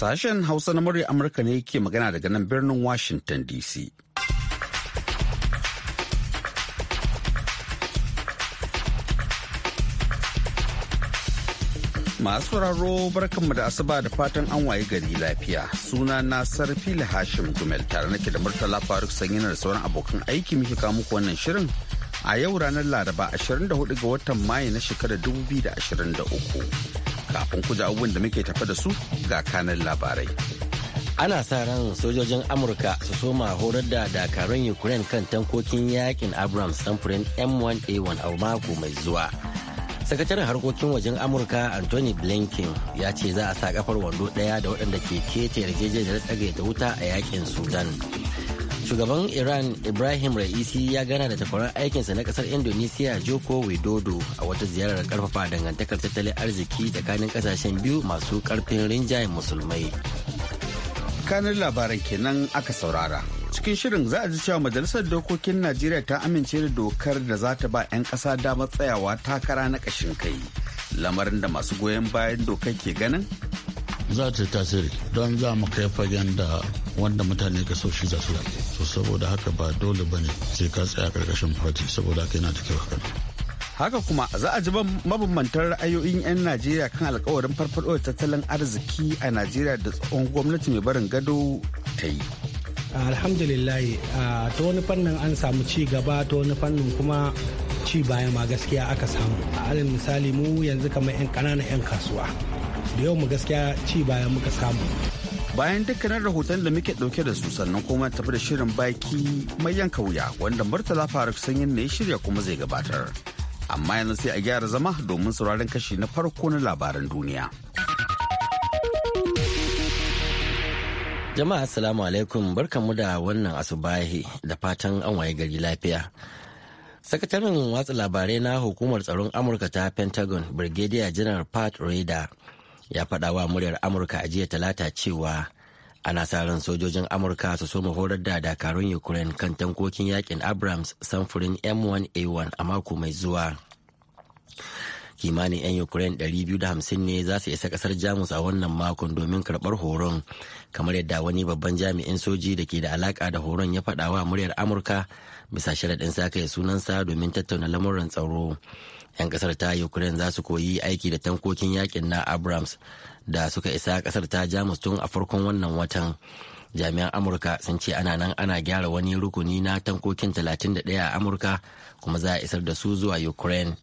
Sashen Hausa na murya Amurka ne ke magana daga nan birnin Washington DC. Masu sauraro barkanmu da asuba da fatan an waye gari lafiya. Suna na Sarfili Hashim Gumel tare nake da Murtala Faruk Sanyina da sauran abokan aiki muke kawo muku wannan shirin a yau ranar Laraba 24 ga watan Mayu na shekarar 2023. kafin kuja abubuwan da muke tafa da su ga kanan labarai. Ana sa ran sojojin Amurka su soma horar da dakarun Ukraine kan tankokin yakin Abrams samfurin M1A1 a mako mai zuwa. Sakataren harkokin wajen Amurka Anthony Blinken ya ce za a sa kafar wando ɗaya da waɗanda ke keta yarjejeniyar tsagaita wuta a yakin Sudan. shugaban iran ibrahim ra'isi ya gana da takwarar aikinsa na kasar indonesia joko widodo a wata ziyarar karfafa dangantakar tattalin arziki tsakanin kasashen biyu masu karfin rinjayen musulmai Kanar labaran kenan aka saurara cikin shirin za a ji cewa majalisar dokokin najeriya ta amince da dokar da za ta ba 'yan kasa damar tsayawa takara na kashin kai lamarin da masu goyon bayan dokar ke ganin za ta tasiri don za mu kai fagen da wanda mutane ka so shi za su so saboda haka ba dole ba ne sai ka tsaya karkashin fati saboda haka yana da kyau haka haka kuma za a ji mabambantan ra'ayoyin 'yan najeriya kan alkawarin farfaɗo tattalin arziki a najeriya da tsohon gwamnati mai barin gado ta yi alhamdulillah ta wani fannin an samu ci gaba ta wani fannin kuma ci baya ma gaskiya aka samu a alal misali mu yanzu kamar 'yan ƙananan 'yan kasuwa da yau mu gaskiya ci bayan muka samu bayan dukkanin rahoton da muke dauke da su sannan kuma tafi da shirin baki mai yanka wuya wanda murtala faruk sanyin ne shirya kuma zai gabatar amma yanzu sai a gyara zama domin sauraron kashi na farko na labaran duniya jama'a assalamu alaikum barkanmu da wannan asubahi da fatan an waye gari lafiya sakataren watsa labarai na hukumar tsaron amurka ta pentagon brigadier general pat Raider ya faɗa wa muryar amurka a jiya talata cewa ana sa ran sojojin amurka su soma horar da dakarun ukraine kan tankokin yakin abrams samfurin m1a1 a mako mai zuwa kimanin 'yan ukraine 250 ne za su isa kasar jamus a wannan makon domin karɓar horon kamar yadda wani babban jami'in soji da ke da alaka da horon ya faɗa wa muryar amurka bisa sharaɗin sa kai sunansa domin tattauna lamuran tsaro 'yan kasar ta ukraine za su koyi aiki da tankokin yakin na abrams da suka isa kasar ta jamus tun a farkon wannan watan jami'an amurka sun ce ana nan ana gyara wani rukuni na tankokin 31 a amurka kuma za a isar da su zuwa ukraine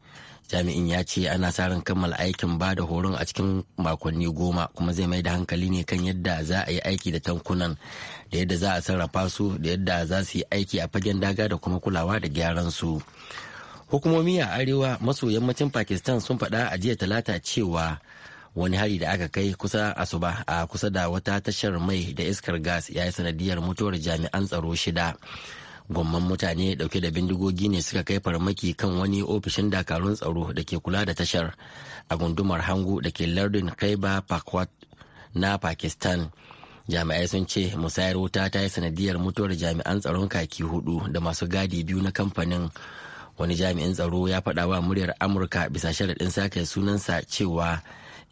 jami'in ya ce ana sa kammala aikin ba da horon a cikin makonni goma kuma zai mai da hankali ne kan yadda za a yi aiki da tankunan da yadda za a sarrafa su da yadda za su yi aiki a fagen daga da kuma kulawa da gyaran su hukumomi a arewa maso yammacin pakistan sun faɗa a jiya talata cewa wani hari da aka kai kusa asuba a kusa da wata tashar mai da iskar gas ya yi sanadiyar mutuwar jami'an tsaro shida Gwamman mutane dauke da bindigogi ne suka kai farmaki kan wani ofishin dakarun tsaro da ke kula da tashar a gundumar hangu da ke lardin Kaiba Pakwat na Pakistan. Jami'ai sun ce musayar wuta ta yi sanadiyar mutuwar jami'an tsaron kaki hudu da masu gadi biyu na kamfanin wani jami'in tsaro ya faɗa wa muryar amurka bisa sharaɗin sake sunansa cewa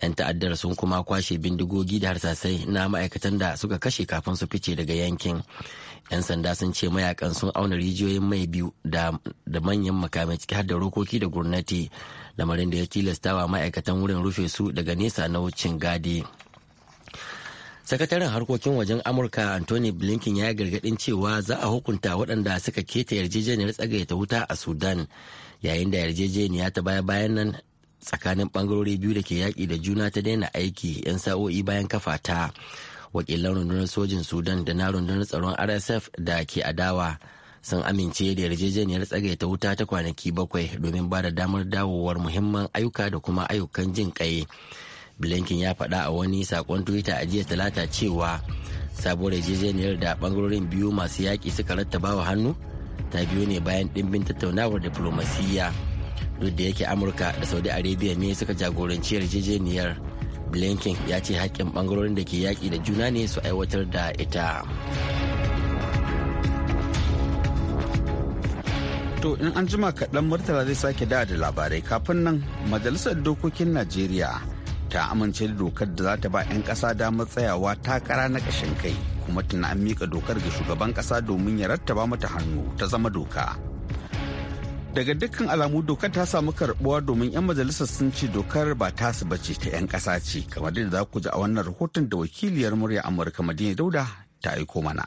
'yan ta'addar sun kuma kwashe bindigogi da harsasai na ma'aikatan da suka kashe kafin su fice daga yankin 'yan sanda sun ce mayakan sun auna rijiyoyin mai biyu da manyan makamai ciki har da rokoki da gurnati lamarin da ya tilastawa ma'aikatan wurin rufe su daga nesa na wucin gadi sakataren harkokin wajen amurka anthony blinken ya gargadin cewa za a hukunta waɗanda suka keta yarjejeniyar tsagaita wuta a sudan yayin da yarjejeniya ta baya bayan nan tsakanin ɓangarori biyu da ke yaƙi da juna ta daina aiki 'yan sa'o'i bayan kafa ta wakilan rundunar sojin sudan da na rundunar tsaron rsf da ke adawa sun amince da yarjejeniyar tsagaita wuta ta kwanaki bakwai domin ba da damar dawowar muhimman ayyuka da kuma ayyukan jin kai blinken ya faɗa a wani sakon twitter a jiya talata cewa sabuwar yarjejeniyar da bangarorin biyu masu yaƙi suka rattaba wa hannu ta biyu ne bayan ɗimbin tattaunawar diflomasiyya duk da yake amurka da saudi arabia ne suka jagoranci yarjejeniyar blinken ya ce hakkin ɓangarorin da ke yaƙi da juna ne su aiwatar da ita to in an jima kaɗan murtala zai sake da da labarai kafin nan majalisar dokokin najeriya ta amince da dokar da za ta ba 'yan ƙasa damar tsayawa takara na ƙashin kai kuma tana an mika dokar ga shugaban ƙasa domin ya rattaba mata hannu ta zama doka. daga dukkan alamu dokar ta samu karbuwa domin 'yan majalisar sun ce dokar ba ta su bace ta 'yan kasa ce kamar da za ku ji a wannan rahoton da wakiliyar murya amurka madina dauda ta aiko mana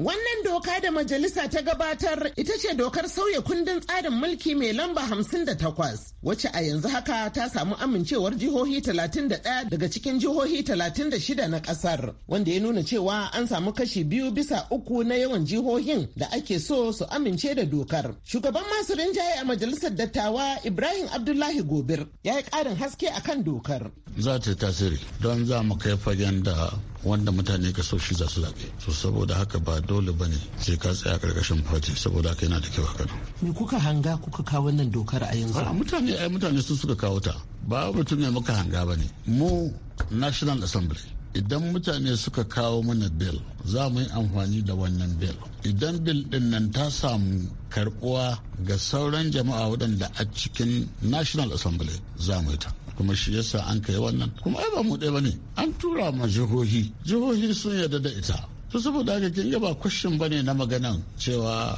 Wannan doka da majalisa ta gabatar ita ce dokar sauya kundin tsarin mulki mai lamba 58 wacce a yanzu haka ta samu amincewar jihohi 31 daga cikin jihohi 36 na kasar wanda ya nuna cewa an samu kashi biyu bisa uku na yawan jihohin da ake so su amince da dokar. Shugaban masu rinjaye a majalisar dattawa Ibrahim Abdullahi Gobir ya yi ƙarin haske akan dokar. Za ta tasiri don za mu kai fagen da wanda mutane ka so shi za su zaɓe so saboda haka ba dole ba ne sai ka tsaya karkashin fati saboda haka yana da kyau haka me kuka hanga kuka kawo wannan dokar a yanzu mutane ai mutane su suka kawo ta ba mutum ne muka hanga ba ne mu national assembly idan mutane suka kawo mana bill za mu yi amfani da wannan bill idan bill din nan ta samu karbuwa ga sauran jama'a waɗanda a cikin national assembly za mu yi ta kuma shi yasa an kai wannan kuma ai ba mu ɗaya bane an tura ma jihohi jihohi sun yarda da ita to saboda haka kin ga ba question bane na maganan cewa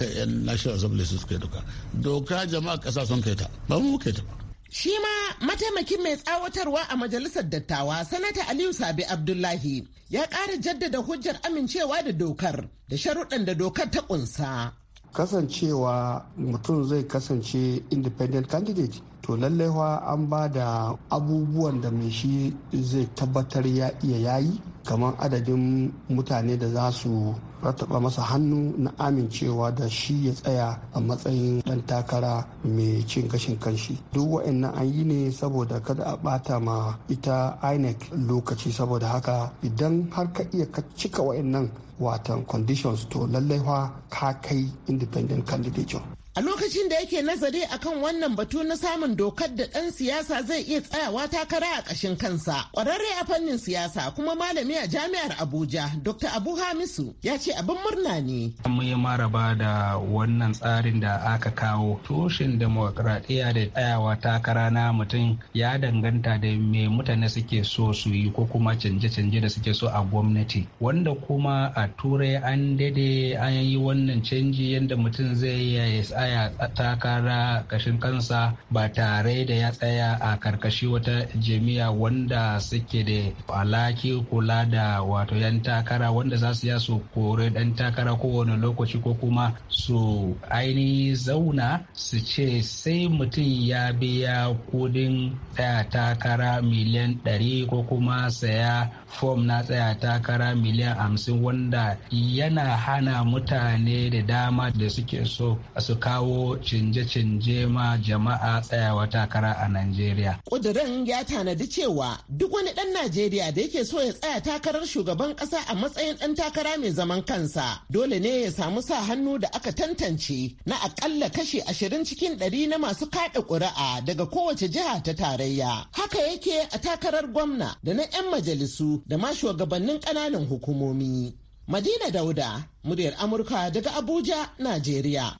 eh, yan national assembly su suka doka doka jama'a kasa sun kai ta ba mu kai ta ba Shi ma mataimakin mai tsawatarwa a majalisar dattawa sanata Aliyu Sabi Abdullahi ya ƙara jaddada hujjar amincewa da dokar da sharuɗan da dokar ta ƙunsa. Kasancewa mutum zai kasance independent candidate to lallai an ba da abubuwan da mai shi zai tabbatar ya iya yayi kamar adadin mutane da za su rataba masa hannu na amincewa da shi ya tsaya a matsayin dan takara mai cin gashin kanshi duk wa'annan an yi ne saboda kada a bata ma ita inec lokaci saboda haka idan har ka iya ka cika wa'annan watan conditions to lallai fa ka kai independent candidate A lokacin da yake nazari akan wannan batu na samun dokar da ɗan siyasa zai iya tsayawa takara a ƙashin kansa. Ƙwararre a fannin siyasa kuma malami a jami'ar Abuja, Dr. Abu Hamisu ya ce abin murna ne. mu yi maraba da wannan tsarin da aka kawo. Tushen demokuraɗiyya da tsayawa takara na mutum ya danganta da me mutane suke so su yi ko kuma canje-canje da suke so a gwamnati. Wanda kuma a turai an dade an yi wannan canji yadda mutum zai iya tsaya takara kashin kansa ba tare da ya tsaya a karkashi wata jami'a wanda suke da alaki kula da wato yan takara wanda za su ya su kore dan takara kowane lokaci ko kuma su aini zauna su ce sai mutum ya biya kudin tsaya takara miliyan 100 ko kuma saya fom na tsaya takara miliyan 50 wanda yana hana mutane da dama da suke so su kama kawo canje-canje ma jama'a tsayawa takara a Najeriya. Ƙudurin ya tanadi cewa duk wani ɗan Najeriya da yake so ya tsaya takarar shugaban ƙasa a matsayin ɗan takara mai zaman kansa dole ne ya samu sa hannu da aka tantance na aƙalla kashi ashirin cikin ɗari na masu kaɗa ƙuri'a daga kowace jiha ta tarayya. Haka yake a takarar gwamna da na 'yan majalisu da ma shugabannin ƙananan hukumomi. Madina Dauda, muryar Amurka daga Abuja, Najeriya.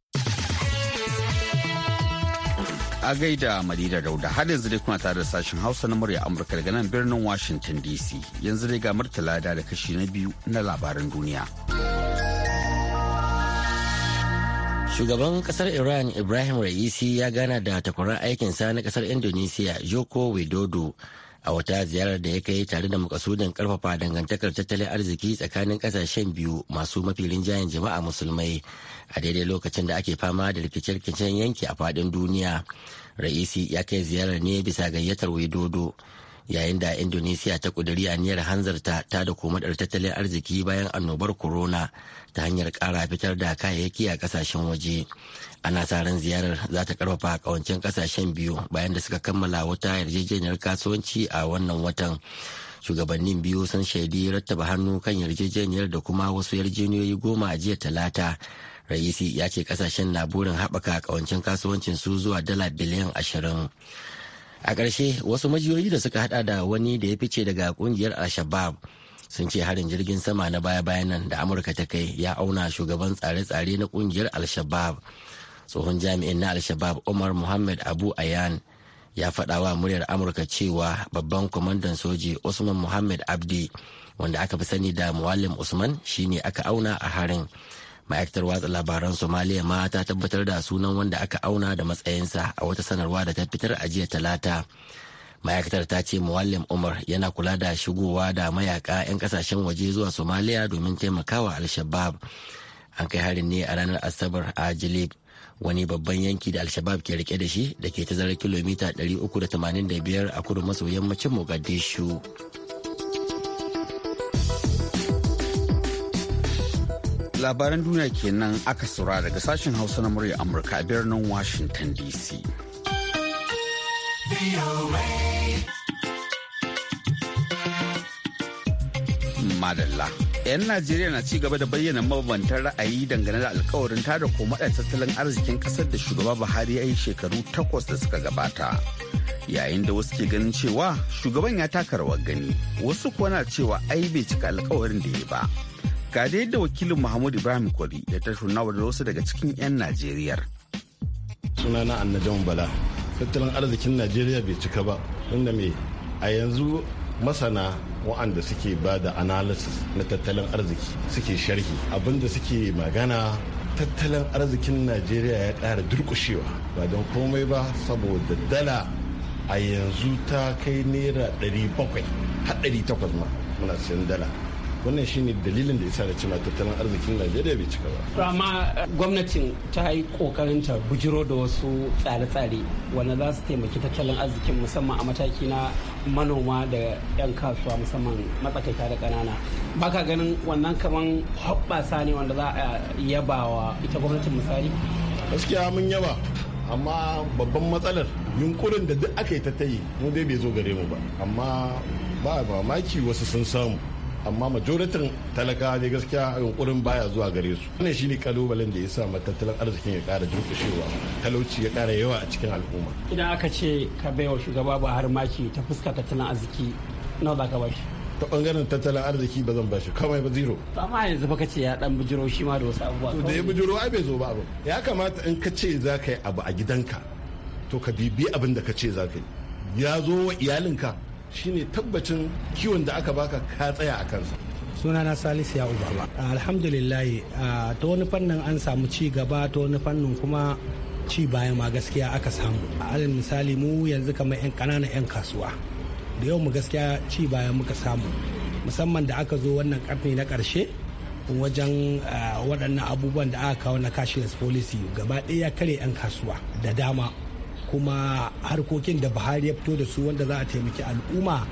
a gaida Madina Dauda har yanzu dai kuna tare da sashen Hausa na murya Amurka daga nan birnin Washington DC yanzu dai ga Murtala da da kashi na biyu na labaran duniya. Shugaban kasar Iran Ibrahim Raisi ya gana da takwarar aikinsa na kasar Indonesia Joko Widodo a wata ziyarar da ya kai tare da makasudin karfafa dangantakar tattalin arziki tsakanin kasashen biyu masu mafi rinjayen jama'a musulmai. a daidai lokacin da ake fama da rikice-rikicen yanki a faɗin duniya ra'isi ya kai ziyarar ne bisa gayyatar waidodo yayin da indonesiya ta kuduri aniyar hanzarta ta da komadar tattalin arziki bayan annobar corona ta hanyar kara fitar da kayayyaki a kasashen waje ana sa ziyarar za ta karfafa kawancin kasashen biyu bayan da suka kammala wata yarjejeniyar kasuwanci a wannan watan shugabannin biyu sun shaidi rattaba hannu kan yarjejeniyar da kuma wasu yarjejeniyoyi goma a jiya talata Raisi ya ce kasashen na burin haɓaka kawancin kasuwancin su zuwa dala biliyan ashirin. A ƙarshe wasu majiyoyi da suka hada da wani da ya fice daga ƙungiyar al shabab sun ce harin jirgin sama na baya-bayan nan da Amurka ta kai ya auna shugaban tsare-tsare na ƙungiyar al shabab Tsohon jami'in na al shabab Umar Muhammad Abu Ayan ya faɗa wa muryar amurka cewa babban kwamandan soji usman muhammad abdi wanda aka fi sani da muallim usman shine aka auna a harin ma'aikatar watsa labaran somaliya ma ta tabbatar da sunan wanda aka auna da matsayinsa a wata sanarwa da ta fitar a jiya talata ma'aikatar ta ce muwallim umar yana kula da shigowa da mayaka 'yan kasashen waje zuwa somaliya domin taimakawa al-shabab an kai harin ne a ranar asabar a jilib wani babban yanki da al-shabab ke rike da shi da ke tazarar kilomita 385 a kudu maso yammacin mogadishu labaran duniya kenan aka saura daga sashen hausa na murya amurka a birnin washington dc madalla 'yan najeriya na ci gaba da bayyana mabambantan ra'ayi dangane da alkawarin tada maɗa tattalin arzikin kasar da shugaba buhari ya yi shekaru takwas da suka gabata yayin da wasu ke ganin cewa shugaban ya taka rawar gani wasu kuwa na cewa ai bai cika alkawarin da ya ba Ga dai da wakilin Muhammadu Ibrahim Kwari da ta tunawa da wasu daga cikin 'yan Najeriyar. Sunana Annajan Bala. Tattalin arzikin Najeriya bai cika ba, inda mai a yanzu masana wa'anda suke ba da analysis na tattalin arziki suke sharhi abinda suke magana tattalin arzikin najeriya ya ƙara durƙushewa ba don komai ba saboda dala a yanzu ta kai naira 700 har 800 ma muna sayan dala wannan shine dalilin da yasa da cewa tattalin arzikin najeriya bai cika ba amma eh, gwamnatin ta yi kokarin ta bujiro da wasu tsare-tsare wanda za su taimaki tattalin arzikin musamman a mataki na manoma da 'yan kasuwa musamman matsakaita da ƙanana baka ganin wannan kaman hoɓɓasa ne wanda za a yabawa wa ita gwamnatin misali gaskiya mun yaba amma babban matsalar yunkurin da duk aka yi ta yi mu dai bai zo gare mu ba amma ba mamaki wasu sun samu amma majoritin talakawa ne gaskiya yunkurin baya zuwa gare su wannan shine kalubalen da ya sa tattalin arzikin ya kara durkushewa talauci ya kara yawa a cikin al'umma idan aka ce ka baiwa shugaba har maki ta fuska tattalin arziki nawa za ka bashi ta bangaren tattalin arziki ba zan bashi kawai ba zero amma yanzu baka ce ya dan bujiro shi ma da wasu abubuwa to da ya bujiro ai bai zo ba abu ya kamata in ka ce za ka yi abu a gidanka to ka bibi abin da ka ce za ka yi ya zo wa iyalinka shine tabbacin kiwon da aka baka ka tsaya a kansa sunana salisu ya ubaba alhamdulillah ta wani fannin an samu ci gaba ta wani fannin kuma ci bayan ma gaskiya aka samu alal misali mu yanzu kamar 'yan kananan 'yan kasuwa da yau mu gaskiya ci bayan muka samu musamman da aka zo wannan karni na karshe wajen waɗannan abubuwan da aka kawo na cashless policy gaba ɗaya kare 'yan kasuwa da dama kuma harkokin da buhari ya fito da su wanda za a taimaki al'umma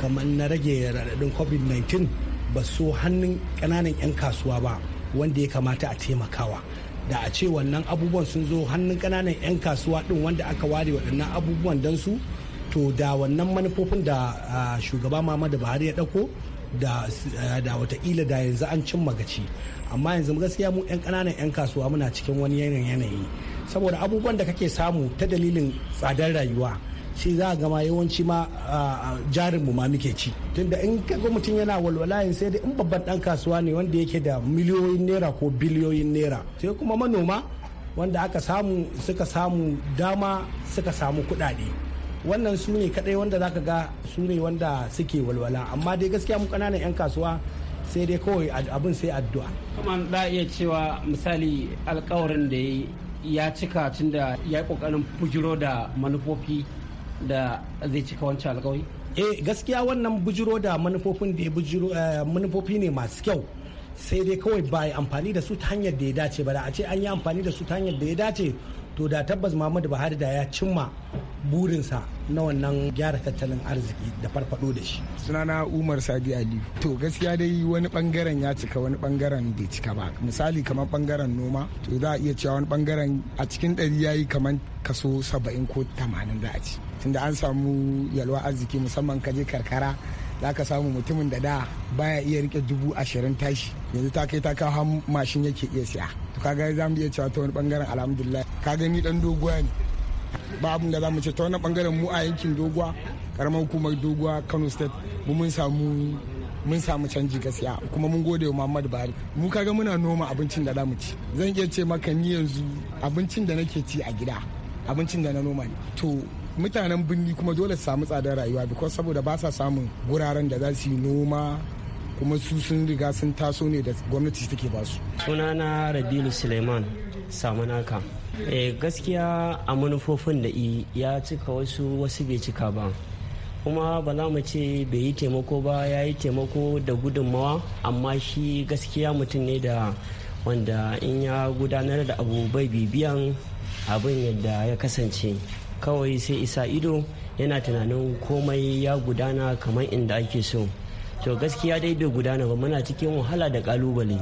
kamar na rage raɗaɗin covid-19 ba so hannun ƙananan 'yan kasuwa ba wanda ya kamata a taimakawa da a ce wannan abubuwan sun zo hannun ƙananan 'yan kasuwa ɗin wanda aka ware waɗannan abubuwan don su to da wannan manufofin da shugaba mama da buhari ya ɗauko da da watakila da yanzu an cimma gaci amma yanzu gaskiya mu 'yan ƙananan 'yan kasuwa muna cikin wani yanayi saboda abubuwan da kake samu ta dalilin tsadar rayuwa shi za a gama yawanci ma jarin mu ma muke ci tunda in kaga mutum yana walwala yin sai dai in babban dan kasuwa ne wanda yake da miliyoyin naira ko biliyoyin naira sai kuma manoma wanda aka samu suka samu dama suka samu kuɗaɗe wannan su ne kadai wanda zaka ga su ne wanda suke walwala amma dai gaskiya mu kananan 'yan kasuwa sai dai kawai abin sai addu'a kuma da iya cewa misali alkawarin da ya yi ya cika tun da ya yi kokarin bujiro da manufofi da zai cika wancan alkawari eh gaskiya wannan bujiro da manufofin da ya bujiro eh, manufofi ne masu kyau sai dai kawai ba ya amfani da su ta hanyar da ya dace ba da a ce an yi amfani da su ta hanyar da ya dace to da tabbas Muhammadu Buhari da ya cimma burinsa na wannan gyara tattalin arziki da farfado da shi. Sunana Umar Sadi Ali. To gaskiya dai wani bangaren ya cika wani bangaren bai cika ba. Misali kamar bangaren noma to za a iya cewa wani bangaren a cikin ɗari yayi kamar kaso saba'in ko tamanin za a ci. Tunda an samu yalwa arziki musamman kaje karkara za ka samu mutumin da da baya iya rike dubu ashirin tashi yanzu ta kai ta kawo mashin yake iya siya to kaga za mu iya cewa ta wani bangaren alhamdulillah ka gani dan doguwa ne ba abin da za mu ce ta wani bangaren mu a yankin doguwa karamar hukumar doguwa kano state mu mun samu mun samu canji gaskiya kuma mun gode wa muhammadu buhari mu kaga muna noma abincin da za mu ci zan iya ce maka ni yanzu abincin da nake ci a gida abincin da na noma ne to mutanen birni kuma dole su samu tsadar rayuwa because saboda ba sa samun guraren da za su yi noma kuma su sun riga sun taso ne da gwamnati take ba su sunana rabilu suleiman samunaka. Eh, gaskiya a manufofin da ya cika wasu wasu bai cika ba kuma ba za mu ce bai yi taimako ba ya yi taimako da gudunmawa amma shi gaskiya mutum ne da wanda in ya gudanar da abu bai bibiyan abin yadda ya kasance kawai sai isa ido yana tunanin komai ya gudana kamar inda ake so to gaskiya dai bai gudana ba muna cikin wahala da kalubale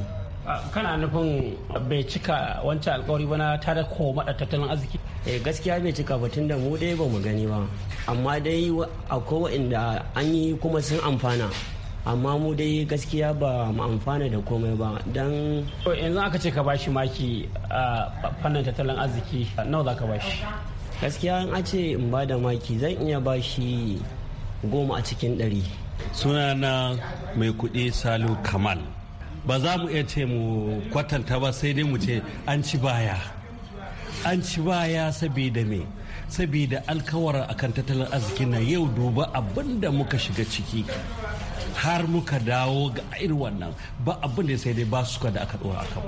kana nufin bai cika wancan alkawari ba na tare ko mada tattalin arziki eh gaskiya bai cika ba tunda mu dai ba mu gani ba amma dai akwai waɗanda an yi kuma sun amfana amma mu dai gaskiya ba mu amfana da komai ba don yanzu aka ce ka bashi maki a fannin tattalin arziki nawa za ka bashi gaskiya an ce in ba da maki zan iya bashi goma a cikin ɗari sunana mai kuɗi salu kamal ba za mu iya ce mu kwatanta ba sai dai mu ce an ci baya an ci baya saboda me saboda alkawara akan tattalin arziki na yau duba abin da muka shiga ciki har muka dawo ga irin wannan ba abin da sai dai ba suka da aka dora akan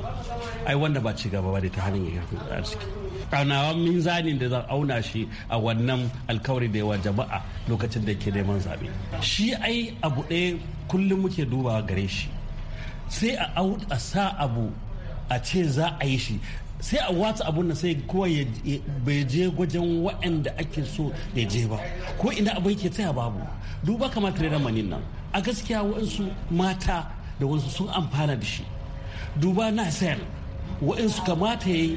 ai wanda ba ci gaba ba da ta hanyar arziki kanawa minzanin da zan auna shi a wannan alkawari da yawa jama'a lokacin da ke neman zaɓe shi ai abu ɗaya kullum muke dubawa gare shi sai a sa abu a ce za a yi shi sai a watsa abun na sai kowa bai je gwajen waɗanda ake so ya je ba ko ina abu yake tsaya babu duba kamar da manin nan a gaskiya waɗansu mata da wasu sun amfana da shi duba na sayar waɗansu kamata ya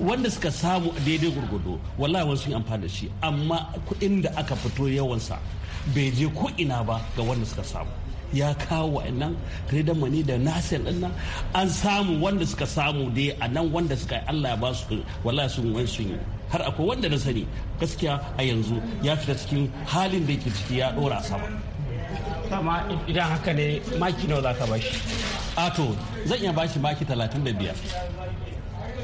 wanda suka samu daidai gurgudu wallahi wasu sun amfana da shi amma kuɗin da aka fito yawansa bai je ko ina ba ga wanda suka samu ya kawo wa'annan redan mani da nasir din nan an samu wanda suka samu dai a nan wanda suka Allah ya ba su wallahi sun wani sun yi har akwai wanda na sani gaskiya a yanzu ya fita cikin halin da yake ciki ya dora sama sama idan haka ne maki nawa zaka bashi ato zan iya bashi maki 35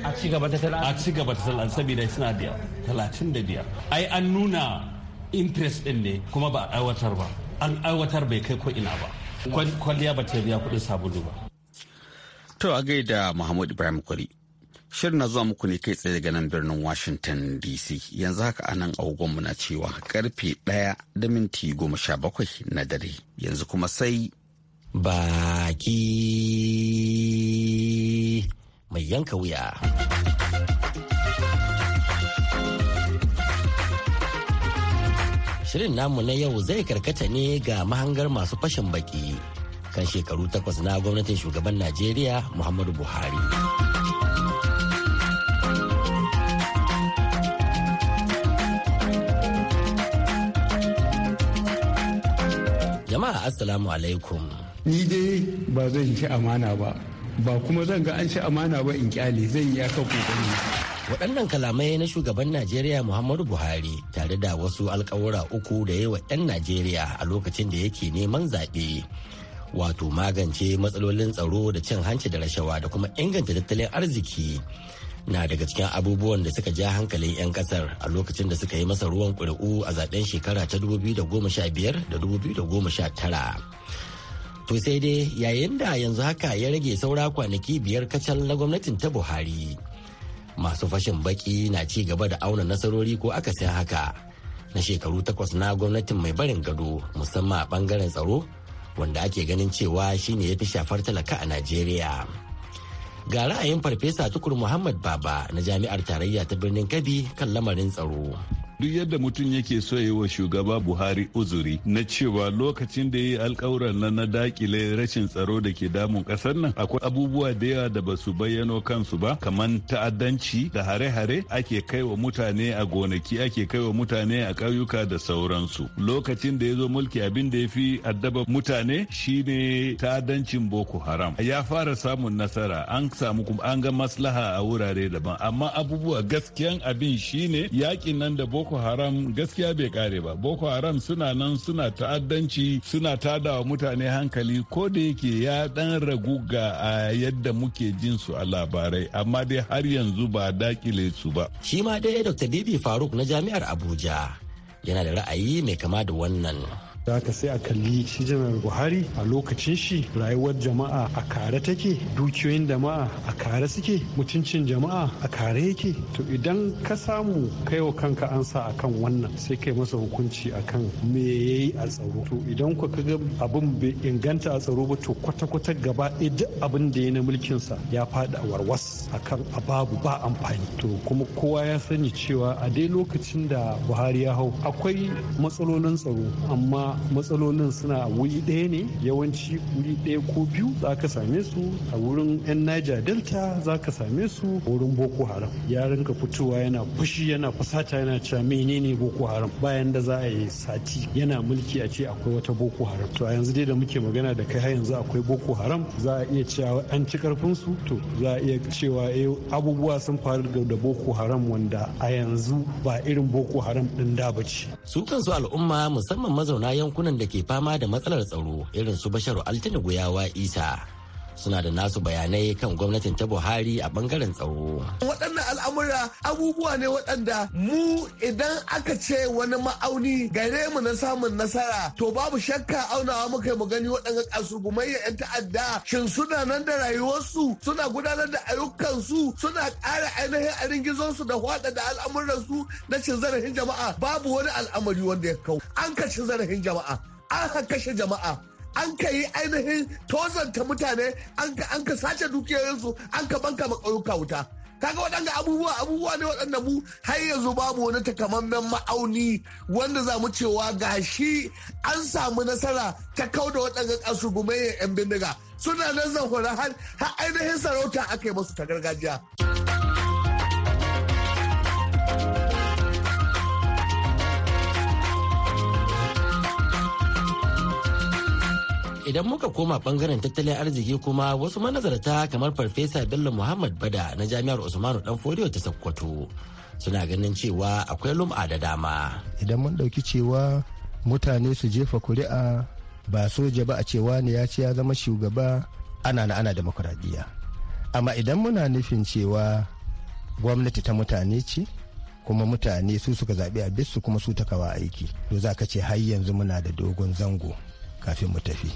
a ci gaba ta talatin a ci gaba ta talatin saboda suna da 35 ai an nuna interest din ne kuma ba a aiwatar ba an aiwatar bai kai koina ina ba kwalliya ba ta biya kuɗin sabulu ba to a gaida muhammad ibrahim kwari shirin na zuwa muku ne kai tsaye daga nan birnin washington dc yanzu haka anan agogonmu na cewa karfe ɗaya da minti goma sha bakwai na dare yanzu kuma sai baki mai yanka wuya shirin namu na yau zai karkata ne ga mahangar masu fashin baki kan shekaru takwas na gwamnatin shugaban najeriya muhammadu buhari jama'a assalamu alaikum ni dai ba zan ci amana ba ba kuma zan ga an ci amana ba in kyale zan yi aka kokari waɗannan kalamai na shugaban najeriya muhammadu buhari tare da wasu alkawura uku da yawa 'yan najeriya a lokacin da yake neman zaɓe wato magance matsalolin tsaro da cin hanci da rashawa da kuma inganta tattalin arziki na daga cikin abubuwan da suka ja hankalin 'yan kasar a lokacin da suka yi masa ruwan ƙuri'u a zaɓen shekara ta 2015 da 2019 To sai dai yayin da yanzu haka ya rage saura kwanaki biyar kacal na gwamnatin ta Buhari. masu fashin baki na ci gaba da auna nasarori ko aka sai haka na shekaru takwas na gwamnatin mai barin gado musamman a bangaren tsaro wanda ake ganin cewa shine ya fi shafar talaka a najeriya ga ra'ayin farfesa tukur muhammad baba na jami'ar tarayya ta birnin kabi kan lamarin tsaro duk yadda mutum yake so ya yi wa shugaba buhari uzuri na cewa lokacin da ya yi alkawuran nan na dakile rashin tsaro da ke damun kasar nan akwai abubuwa da yawa da ba su bayyano kansu ba kamar ta'addanci da hare-hare ake kai wa mutane a gonaki ake kai wa mutane a ƙauyuka da sauransu lokacin da ya zo mulki abin da ya fi addaba mutane shine ta'addancin boko haram ya fara samun nasara an samu kuma an ga maslaha a wurare daban amma abubuwa gaskiyan abin shine yakin nan da boko boko haram gaskiya bai kare ba boko haram suna nan suna ta'addanci suna tada wa mutane hankali ko da yake ya dan ragu ga a yadda muke jin su a labarai amma dai har yanzu ba dakile su ba shi ma dai dr david faruk na jami'ar abuja yana da ra'ayi mai kama da wannan da ka sai a kalli shi janar buhari a lokacin shi rayuwar jama'a a kare take dukiyoyin jama'a a kare suke mutuncin jama'a a kare yake to idan ka samu kaiwa kanka an sa akan wannan sai kai masa hukunci akan me yayi a tsaro to idan ku ga abin bai inganta a tsaro ba to kwata-kwata gaba duk abin da ya na mulkin sa ya faɗi warwas akan ababu ba amfani to kuma kowa ya sani cewa a dai lokacin da buhari ya hau akwai matsalolin tsaro amma matsalolin suna wuri ɗaya ne yawanci wuri ɗaya ko biyu za ka same su a wurin 'yan niger delta za ka same su wurin boko haram ya ka fitowa yana fushi yana fasata yana cewa menene boko haram bayan da za a yi sati yana mulki a ce akwai wata boko haram to a yanzu dai da muke magana da kai har yanzu akwai boko haram za a iya cewa an ci karfin su to za a iya cewa eh, abubuwa sun faru da boko haram wanda a yanzu ba irin boko haram din da ba ce su kansu al'umma musamman mazauna yankunan da ke fama da matsalar tsaro irin su Bashar Altini Guyawa Isa suna da nasu bayanai kan gwamnatin ta buhari a bangaren tsaro waɗannan al'amura abubuwa ne waɗanda mu idan aka ce wani ma'auni gare mu na samun nasara to babu shakka aunawa muka mu gani waɗannan kasurgumai yan ta'adda shin suna nan da rayuwarsu suna gudanar da ayyukansu suna ƙara ainihin a ringizonsu da hwada da al'amuransu na cin zarafin jama'a babu wani al'amari wanda ya kau an ka cin zarafin jama'a an kashe jama'a an ka yi ainihin tozanta mutane an ka sace dukiyoyinsu an ka banka ƙauyuka wuta kaga waɗanda abubuwa abubuwa ne waɗanda mu har yanzu babu wani takamammen ma'auni wanda za mu cewa ga shi an samu nasara ta kau da waɗanda gumayen 'yan bindiga suna nan zan har ainihin sarauta aka yi masu ta gargajiya. idan muka koma bangaren tattalin arziki kuma wasu manazarta kamar farfesa bello muhammad bada na jami'ar usmanu dan fodiyo ta sokoto suna ganin cewa akwai lum'a da dama idan mun dauki cewa mutane su jefa kuri'a ba soja ba a cewa ne ya ce ya zama shugaba ana na ana demokuraɗiyya amma idan muna nufin cewa gwamnati ta mutane ce kuma mutane su suka zaɓi a bisu kuma su ta kawa aiki to za ka ce har yanzu muna da dogon zango kafin mu tafi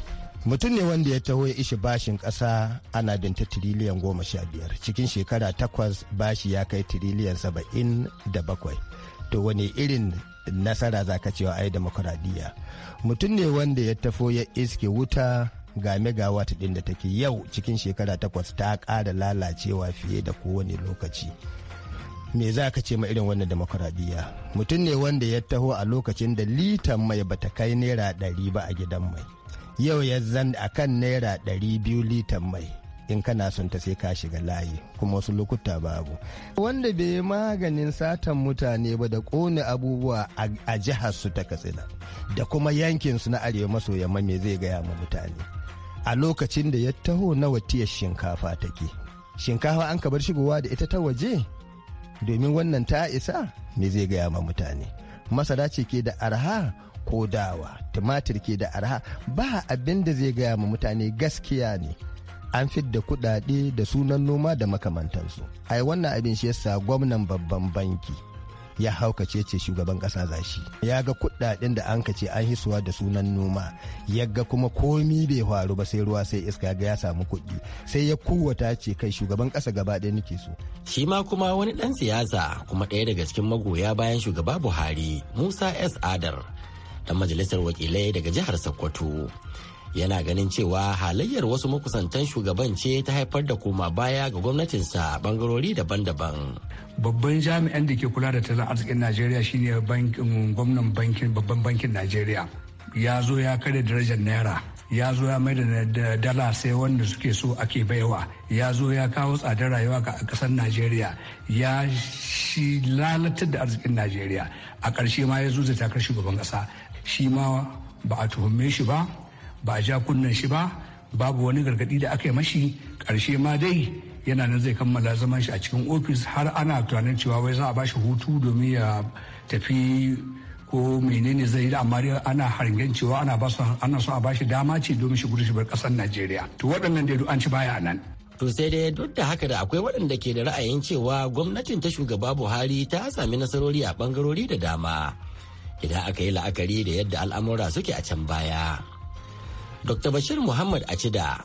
mutum ne wanda ya taho ya ishi bashin kasa ana binta tiriliyan goma sha biyar cikin shekara takwas bashi ya kai tiriliyan saba'in da bakwai to wani irin nasara za ka cewa ai demokuraɗiyya mutum ne wanda ya tafo ya iske wuta ga megawatt ɗin da take yau cikin shekara takwas ta kara lalacewa fiye da kowane lokaci me za ka ce ma irin wannan demokuraɗiyya mutum ne wanda ya taho a lokacin da litan mai bata kai naira ɗari ba a gidan mai yau ya zan a kan naira ɗari biyu litan mai in kana son ta sai ka shiga layi kuma wasu lokuta babu wanda bai yi maganin satan mutane ba da kone abubuwa a jihar su ta katsina da kuma yankin su na arewa maso yamma me zai gaya ma mutane a lokacin da ya taho na watiyar shinkafa take shinkafa an ka bar shigowa da ita ta waje domin wannan ta isa me zai gaya ma mutane masara ce ke da arha ko dawa tumatir ke da arha ba abin da zai gaya ma mutane gaskiya ne an fidda kudade da sunan noma da makamantansu ai wannan abin shi yasa gwamnan babban banki ya haukace ce shugaban kasa zashi ya ga kudaden da an kace an hisuwa da sunan noma ya ga kuma komi bai faru ba sai ruwa sai iska ga ya samu kuɗi sai ya kuwata ce kai shugaban kasa gaba ɗaya nake so shi ma kuma wani dan siyasa kuma ɗaya daga cikin magoya bayan shugaba Buhari Musa S Adar dan majalisar wakilai daga jihar Sokoto. Yana ganin cewa halayyar wasu makusantan shugaban ce ta haifar da koma baya ga gwamnatinsa a bangarori daban-daban. Babban jami'an da ke kula da tattalin arzikin Najeriya shine gwamnan bankin babban bankin Najeriya. Ya zo ya kare darajar naira, ya zo ya maida da dala sai wanda suke so ake baiwa, ya zo ya kawo tsadar rayuwa ga kasar Najeriya, ya shi lalatar da arzikin Najeriya. A ƙarshe ma ya zo da takar shugaban ƙasa. shi ma ba a tuhumme shi ba ba a ja kunnen shi ba babu wani gargadi da aka yi mashi karshe ma dai yana nan zai kammala zaman shi a cikin ofis har ana tunanin cewa wai za a bashi hutu domin ya tafi ko menene zai yi amma ana hargen cewa ana ana so a bashi dama ce domin shi shi bar kasar Najeriya to waɗannan dai an ci baya nan To sai dai duk da haka da akwai waɗanda ke da ra'ayin cewa gwamnatin ta shugaba Buhari ta sami nasarori a bangarori da dama. idan aka yi la'akari da yadda al'amura suke a can baya. Dr. Bashir Muhammad Acida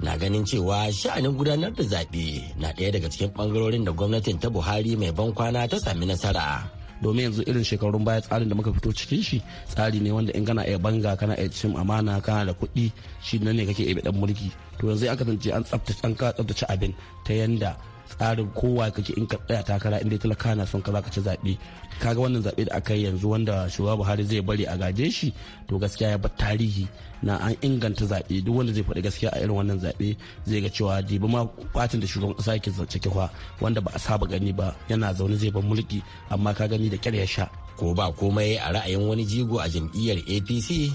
na ganin cewa sha'anin gudanar da zaɓe na ɗaya daga cikin ɓangarorin da gwamnatin ta Buhari mai ban kwana ta sami nasara. domin yanzu irin shekarun baya tsarin da muka fito cikin shi tsari ne wanda in kana iya banga kana iya cin amana kana da kuɗi shi nan ne kake iya dan mulki to yanzu aka tance an tsabtace an ka tsaftace abin ta yanda tsarin kowa kake in ka tsaya takara in dai talaka na son ka zaka ci zaɓe kaga wannan zaɓe da aka yi yanzu wanda shugaba buhari zai bari a gaje shi to gaskiya ya bar tarihi na an inganta zaɓe duk wanda zai faɗi gaskiya a irin wannan zaɓe zai ga cewa jibi ma fatin da shugaban kasa yake zance kwa wanda ba a saba gani ba yana zaune zai bar mulki amma ka gani da kyar ya sha. ko ba komai a ra'ayin wani jigo a jam'iyyar apc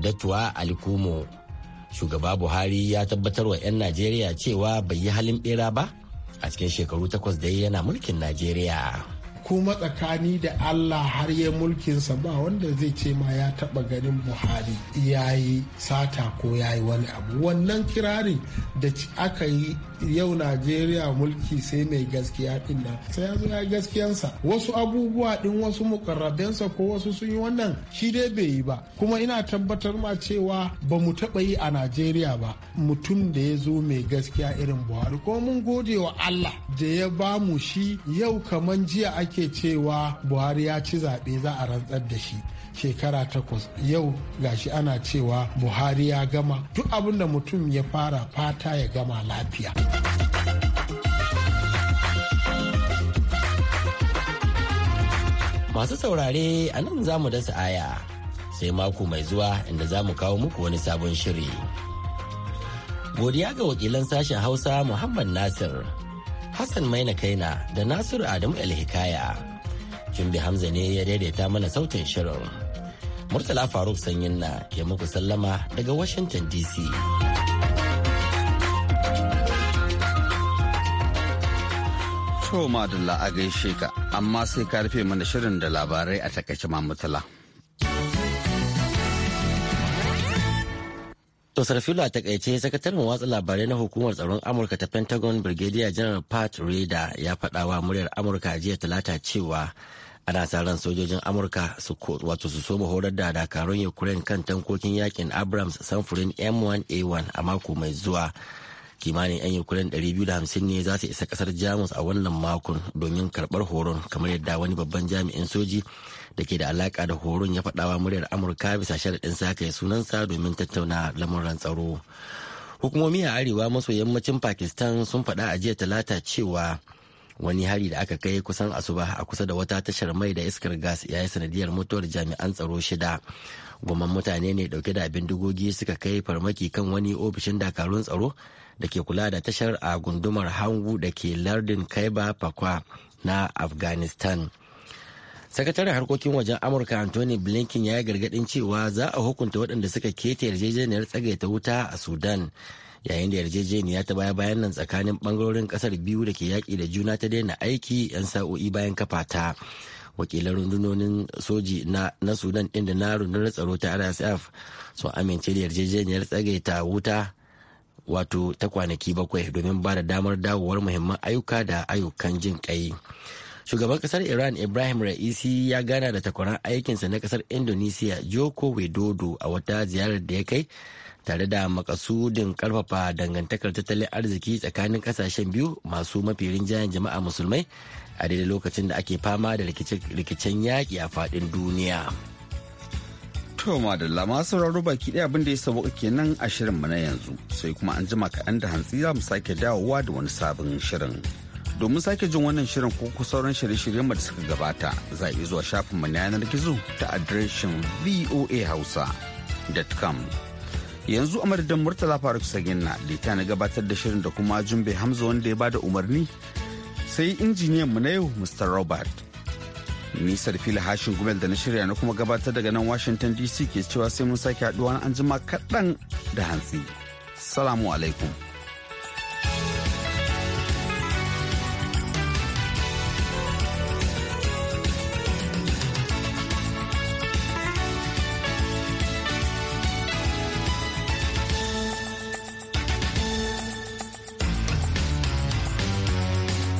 datuwa alikumo shugaba buhari ya tabbatar wa 'yan najeriya cewa bai yi halin bera ba a cikin shekaru takwas da yana mulkin najeriya kuma tsakani da Allah har ya mulkinsa ba wanda zai ce ma ya taɓa ganin Buhari ya yi sata ko ya yi wani abu. Wannan kirari da aka yi yau Najeriya mulki sai mai gaskiya din nan sai ya zo ya gaskiyansa. Wasu abubuwa din wasu mukarrabensa ko wasu sun yi wannan shi dai bai yi ba. Kuma ina tabbatar ma cewa ba mu taɓa yi a Najeriya ba mutum da ya zo mai gaskiya irin Buhari. Ko mun gode wa Allah da ya ba mu shi yau kaman jiya ake ake cewa buhari ya ci zaɓe za a rantsar da shi shekara takwas yau gashi ana cewa buhari ya gama duk abin da mutum ya fara fata ya gama lafiya masu saurare a nan za mu dasa aya sai mako mai zuwa inda za mu kawo muku wani sabon shiri godiya ga wakilan sashen hausa muhammad nasir Hassan Maina Kaina da Nasiru Adamu Alhikaya. Jumbi Hamza ne ya daidaita mana sautin shirin. Murtala Faruk Sanyin na ke muku sallama daga Washington DC. To madalla a gaishe ka, amma sai ka rufe mana shirin da labarai a ma Murtala. To Sarfilo a takaice sakataren watsa labarai na hukumar tsaron Amurka ta Pentagon Brigadier General Pat Reda ya faɗa wa muryar Amurka jiya talata cewa ana sa ran sojojin Amurka su wato su soma horar da dakarun Ukraine kan tankokin yakin Abrams samfurin M1A1 a mako mai zuwa. Kimanin 'yan Ukraine 250 ne za su isa kasar Jamus a wannan makon domin karbar horon kamar yadda wani babban jami'in soji da ke da alaka da horon ya faɗawa muryar amurka bisa sharaɗin sa kai sunansa domin tattauna lamuran tsaro hukumomi a arewa maso yammacin pakistan sun faɗa a jiya talata cewa wani hari da aka kai kusan asuba a kusa da wata tashar mai da iskar gas ya yi sanadiyar mutuwar jami'an tsaro shida goma mutane ne dauke da abin dugogi suka kai farmaki kan wani ofishin dakarun tsaro da ke kula da tashar a gundumar hangu da ke lardin kaiba pakwa na afghanistan sakataren harkokin wajen amurka anthony blinken ya yi gargadin cewa za a hukunta waɗanda suka keta yarjejeniyar tsagaita wuta a sudan yayin da yarjejeniya ta baya bayan nan tsakanin bangarorin kasar biyu da ke yaƙi da juna ta daina aiki 'yan sa'o'i bayan kafa ta wakilan rundunonin soji na, sudan ɗin da na rundunar tsaro ta rsf sun amince da yarjejeniyar tsagaita wuta wato ta kwanaki bakwai domin ba da damar dawowar muhimman ayyuka da ayyukan jin kai shugaban kasar iran ibrahim ra'isi ya gana da takwaran aikinsa na kasar indonesia joko widodo a wata ziyarar da ya kai tare da makasudin karfafa dangantakar tattalin arziki tsakanin kasashen biyu masu mafi rinjayen jama'a musulmai a daidai lokacin da ake fama da rikicin yaƙi a faɗin duniya. To lama masu sauraro baki ɗaya ya da ya sauka nan a shirin mu na yanzu sai kuma an jima kaɗan da hantsi za mu sake dawowa da wani sabon shirin. Domin sake jin wannan shirin ko sauran shirye-shiryen da suka gabata za a iya zuwa shafinmu na yanar gizo ta adireshin voahausa.com. Yanzu a madadin Murtala Faruk Saginna da na gabatar da shirin da kuma Jumbe Hamza wanda ya bada umarni sai injiniyan mu na yau Mr. Robert. nisar fili Hashin Gumel da na shirya na kuma gabatar daga nan Washington DC ke cewa sai mun sake haduwa an jima kaɗan da hantsi. Salamu alaikum.